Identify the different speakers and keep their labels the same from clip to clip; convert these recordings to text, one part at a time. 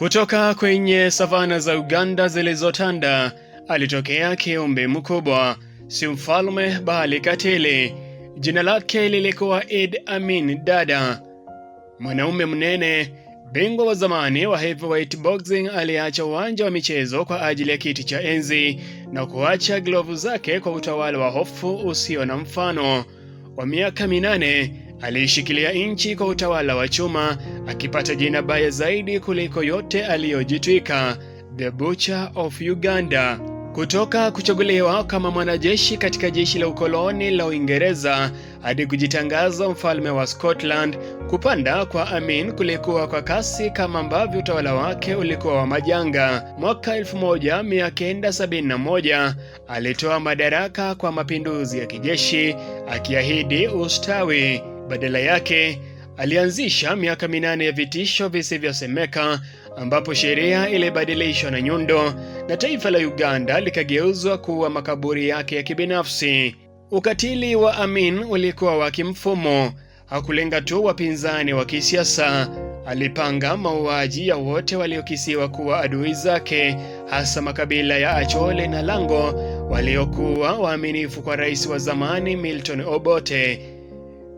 Speaker 1: Kutoka kwenye savana za Uganda zilizotanda alitokea kiumbe mkubwa, si mfalme bali katili. Jina lake lilikuwa Idi Amin Dada, mwanaume mnene, bingwa wa zamani wa heavyweight boxing. Aliacha uwanja wa michezo kwa ajili ya kiti cha enzi na kuacha glovu zake kwa utawala wa hofu usio na mfano wa miaka minane aliishikilia nchi kwa utawala wa chuma, akipata jina baya zaidi kuliko yote aliyojitwika, The Butcher of Uganda. Kutoka kuchaguliwa kama mwanajeshi katika jeshi la ukoloni la Uingereza hadi kujitangaza mfalme wa Scotland, kupanda kwa Amin kulikuwa kwa kasi kama ambavyo utawala wake ulikuwa wa majanga. Mwaka 1971 alitoa madaraka kwa mapinduzi ya kijeshi, akiahidi ustawi. Badala yake alianzisha miaka minane ya vitisho visivyosemeka ambapo sheria ilibadilishwa na nyundo na taifa la Uganda likageuzwa kuwa makaburi yake ya kibinafsi. Ukatili wa Amin ulikuwa wa kimfumo. Hakulenga tu wapinzani wa kisiasa, alipanga mauaji ya wote waliokisiwa kuwa adui zake, hasa makabila ya achole na Lango waliokuwa waaminifu kwa rais wa zamani Milton Obote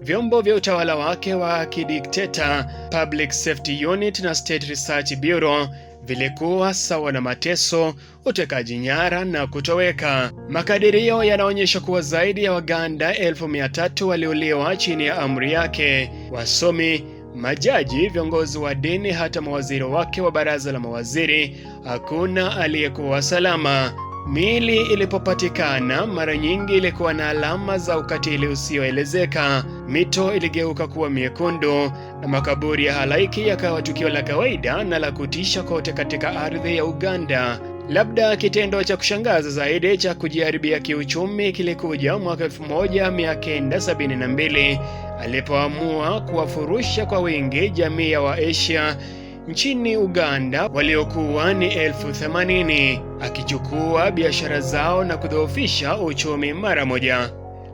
Speaker 1: vyombo vya utawala wake wa kidikteta Public Safety Unit na State Research Bureau vilikuwa sawa na mateso, utekaji nyara na kutoweka. Makadirio yanaonyesha kuwa zaidi ya Waganda elfu mia tatu waliuliwa chini ya amri yake. Wasomi, majaji, viongozi wa dini, hata mawaziri wake wa baraza la mawaziri, hakuna aliyekuwa salama. Mili ilipopatikana mara nyingi ilikuwa na alama za ukatili usioelezeka. Mito iligeuka kuwa miekundu na makaburi ya halaiki yakawa tukio la kawaida na la kutisha kote katika ardhi ya Uganda. Labda kitendo cha kushangaza zaidi cha kujiharibia kiuchumi kilikuja mwaka 1972 alipoamua kuwafurusha kwa wingi jamii ya Waasia nchini Uganda waliokuwa ni elfu themanini akichukua biashara zao na kudhoofisha uchumi mara moja.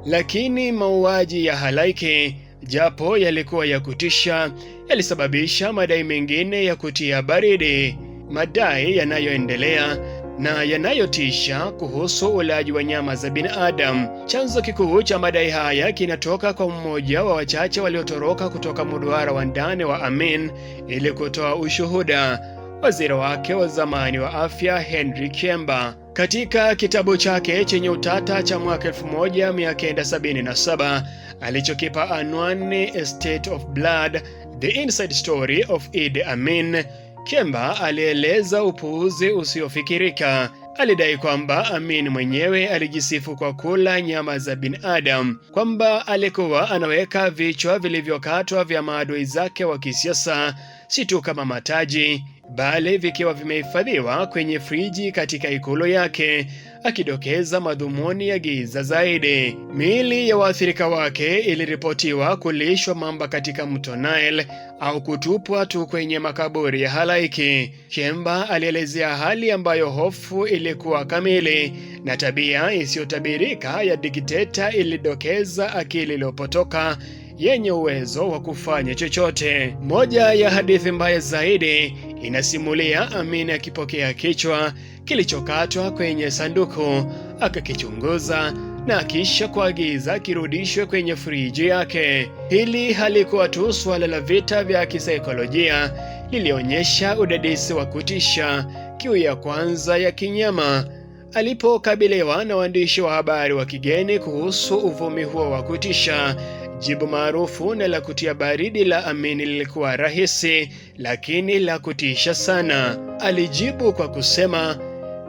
Speaker 1: Lakini mauaji ya halaiki, japo yalikuwa ya kutisha, yalisababisha madai mengine ya kutia baridi, madai yanayoendelea na yanayotisha kuhusu ulaji wa nyama za binadamu. Chanzo kikuu cha madai haya kinatoka kwa mmoja wa wachache waliotoroka kutoka mduara wa ndani wa Amin ili kutoa ushuhuda, waziri wake wa zamani wa afya Henry Kemba. Katika kitabu chake chenye utata cha mwaka 1977 alichokipa anwani State of Blood: The Inside Story of Idi Amin kemba alieleza upuuzi usiofikirika. Alidai kwamba Amin mwenyewe alijisifu kwa kula nyama za binadamu, kwamba alikuwa anaweka vichwa vilivyokatwa vya maadui zake wa kisiasa si tu kama mataji Bale vikiwa vimehifadhiwa kwenye friji katika ikulu yake, akidokeza madhumuni ya giza zaidi. Miili ya waathirika wake iliripotiwa kulishwa mamba katika mto Nile au kutupwa tu kwenye makaburi ya halaiki. Kemba alielezea hali ambayo hofu ilikuwa kamili na tabia isiyotabirika ya dikteta ilidokeza akili iliyopotoka yenye uwezo wa kufanya chochote. Moja ya hadithi mbaya zaidi inasimulia Amin akipokea kichwa kilichokatwa kwenye sanduku, akakichunguza na kisha kuagiza kirudishwe kwenye friji yake. Hili halikuwa tu suala la vita vya kisaikolojia, lilionyesha udadisi wa kutisha, kiu ya kwanza ya kinyama alipokabiliwa na waandishi wa habari wa kigeni kuhusu uvumi huo wa kutisha Jibu maarufu na la kutia baridi la Amin lilikuwa rahisi lakini la kutisha sana. Alijibu kwa kusema,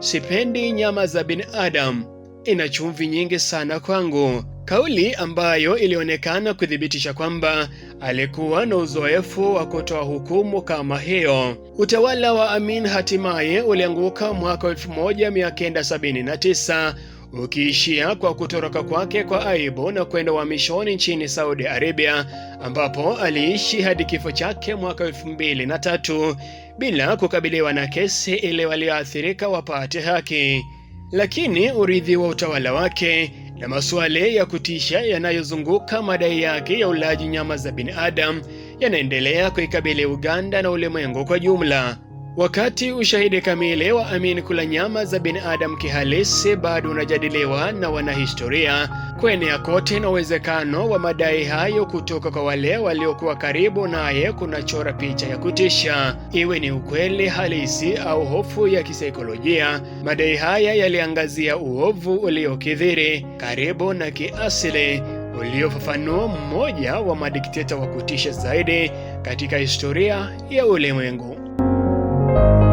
Speaker 1: sipendi nyama za binadamu, ina chumvi nyingi sana kwangu, kauli ambayo ilionekana kuthibitisha kwamba alikuwa na uzoefu wa kutoa hukumu kama hiyo. Utawala wa Amin hatimaye ulianguka mwaka 1979 ukiishia kwa kutoroka kwake kwa aibu na kwenda uhamishoni nchini Saudi Arabia ambapo aliishi hadi kifo chake mwaka elfu mbili na tatu bila kukabiliwa na kesi ili walioathirika wapate haki. Lakini urithi wa utawala wake na masuala ya kutisha yanayozunguka madai yake ya ulaji nyama za binadamu yanaendelea kuikabili Uganda na ulimwengu kwa jumla. Wakati ushahidi kamili wa Amin kula nyama za binadamu kihalisi bado unajadiliwa na wanahistoria, kuenea kote na uwezekano wa madai hayo kutoka kwa wale waliokuwa karibu naye kunachora picha ya kutisha, iwe ni ukweli halisi au hofu ya kisaikolojia. Madai haya yaliangazia uovu uliokithiri, karibu na kiasili uliofafanua mmoja wa madikteta wa kutisha zaidi katika historia ya ulimwengu. Thank you.